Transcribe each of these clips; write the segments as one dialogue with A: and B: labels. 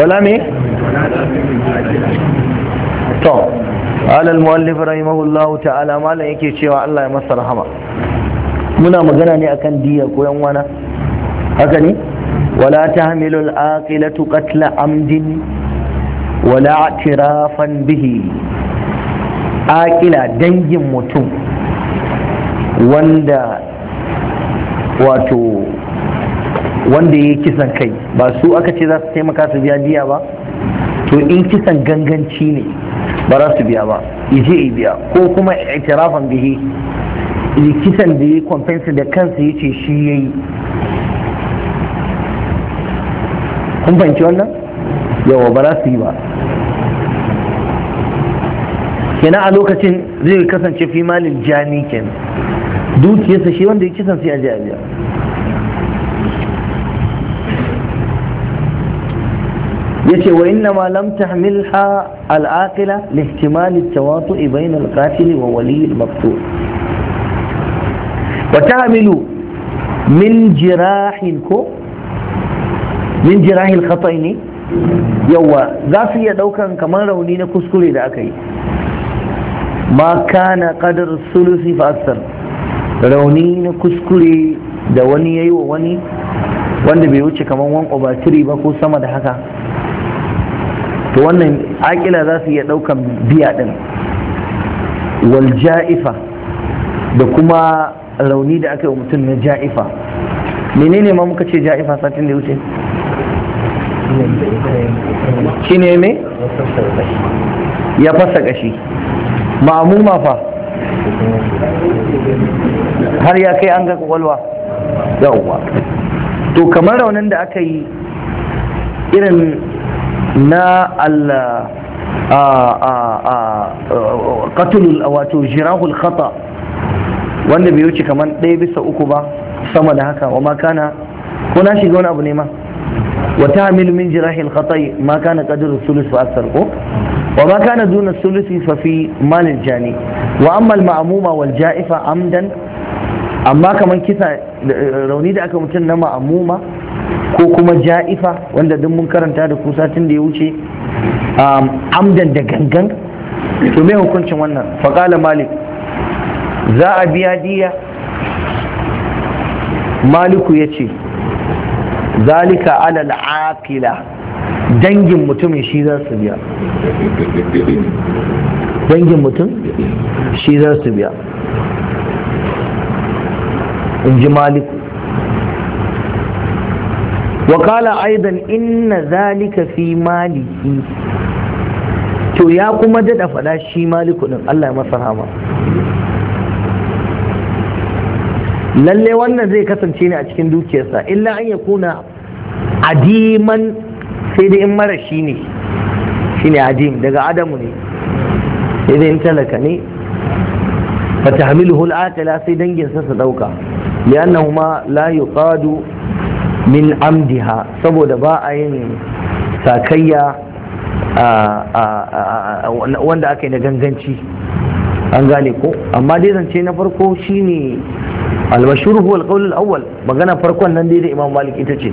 A: wala me to alal muallif rahimahullahu ta'ala malam yake cewa Allah ya masa rahama muna magana ne akan diya ko yan wana haka ne wala tahmilul aqilatu qatla amdin wala i'tirafan bihi aqila dangin mutum wanda wato wanda ya yi kisan kai ba su aka ce za su taimaka su biya biya ba to in kisan ganganci ne ba za su biya ba ije biya ko kuma itirafan bihi kisan da ya kwamfensa da kansa ya ce shi ya yi kun fahimci wannan yawa ba za su yi ba kenan a lokacin zai kasance fi malin jani kenan dukiyarsa shi wanda ya kisan sai a a biya yace wa inna ma lam tahmilha al-aqila li ihtimal at-tawatu'i bayna al-qatil wa wali al-maqtul wa ta'milu min jirahin ko min jirahi al yawa za su iya daukan kamar rauni na kuskure da aka yi ma kana qadar sulusi fa aksar rauni na kuskure da wani yayi wa wani wanda bai wuce kamar wan ba ko sama da haka to wannan akila za su iya ɗaukan biya ɗin wal ja'ifa da kuma rauni da aka yi mutum na ja'ifa menene ma muka ce ja'ifa satin da wuce shi ne me ya fasa kashi ma'amuma fa har ya kai an ga kwakwalwa yawwa to kamar raunin da aka yi irin na Allah uh, katulul uh, uh, wato jirahul khata wanda bai wuce kamar ɗaya bisa uku ba sama da haka wa makana ko na shiga wani abu ne ma wa ta'milu min jirahil khata'i ma kana qadru sulus fa aksar ko wa ma kana duna sulusi fa fi mal jani wa amma al ma'muma wal ja'ifa amdan amma kamar kisa rauni da aka mutun na ma'muma ko kuma ja'ifa wanda duk mun karanta da kusa tun da ya wuce um, amdan da gangan to me hukuncin wannan faƙala malik za a biya diya maliku ya ce zalika alal aqila dangin mutumin shi za su biya dangin mutum shi za su biya in ji maliku وقال أيضا إن ذلك fi maliki. to ya kuma daɗa faɗa shi maliku ɗin Allah ya masa rama lalle wannan zai kasance ne a cikin dukiyarsa illa an ya kuna adiman sai dai in mara shi ne shi ne adim daga adamu ne sai dai in talaka ne fa tahmiluhu al-aqila sai danginsa su dauka li'annahu ma la yuqadu min amdiha saboda ba a yin sakayya wanda aka yi na ganganci an gane ko amma dai zance na farko shine albashuru huwa alqawl alawwal magana farkon nan dai da imam malik ita ce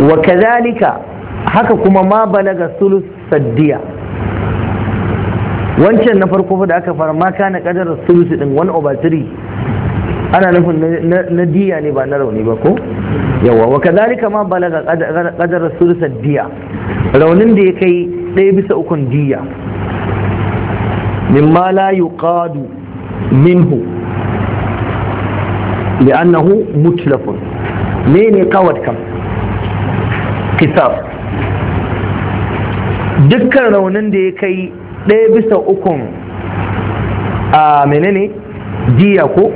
A: wa kadhalika haka kuma ma balaga sulus saddiya wancan na farko da aka fara ma kana kadar sulus din 1 over 3 ana nufin na diya ne ba na rauni ba ko yawa wa kadhalika ma balaga qadar sulsa diya raunin da ya kai ɗaya bisa ukun diya mimma la yuqadu minhu li'annahu mutlafun ne ne kawat kam kisaf dukkan raunin da ya kai ɗaya bisa ukun a menene diya ko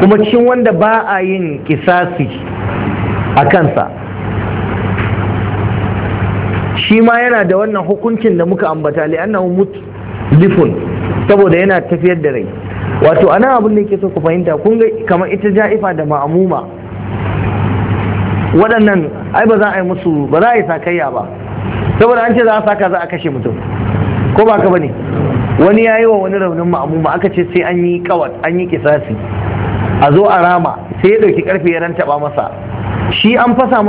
A: kuma cikin wanda ba a yin kisasi a kansa shi ma yana da wannan hukuncin da muka ambata li'annahu mutlifun saboda yana tafiyar da rai wato ana abin da yake so ku fahimta kun ga kamar ita ja'ifa da ma'amuma waɗannan ai ba za a yi musu ba za a yi sakayya ba saboda an ce za a saka za a kashe mutum ko ba ka ba ne? wani ya yi wa wani raunin ma'amuma aka ce sai an yi kawat an yi kisasi a zo a rama sai ya ɗauki ƙarfe ya taɓa masa shi an fasa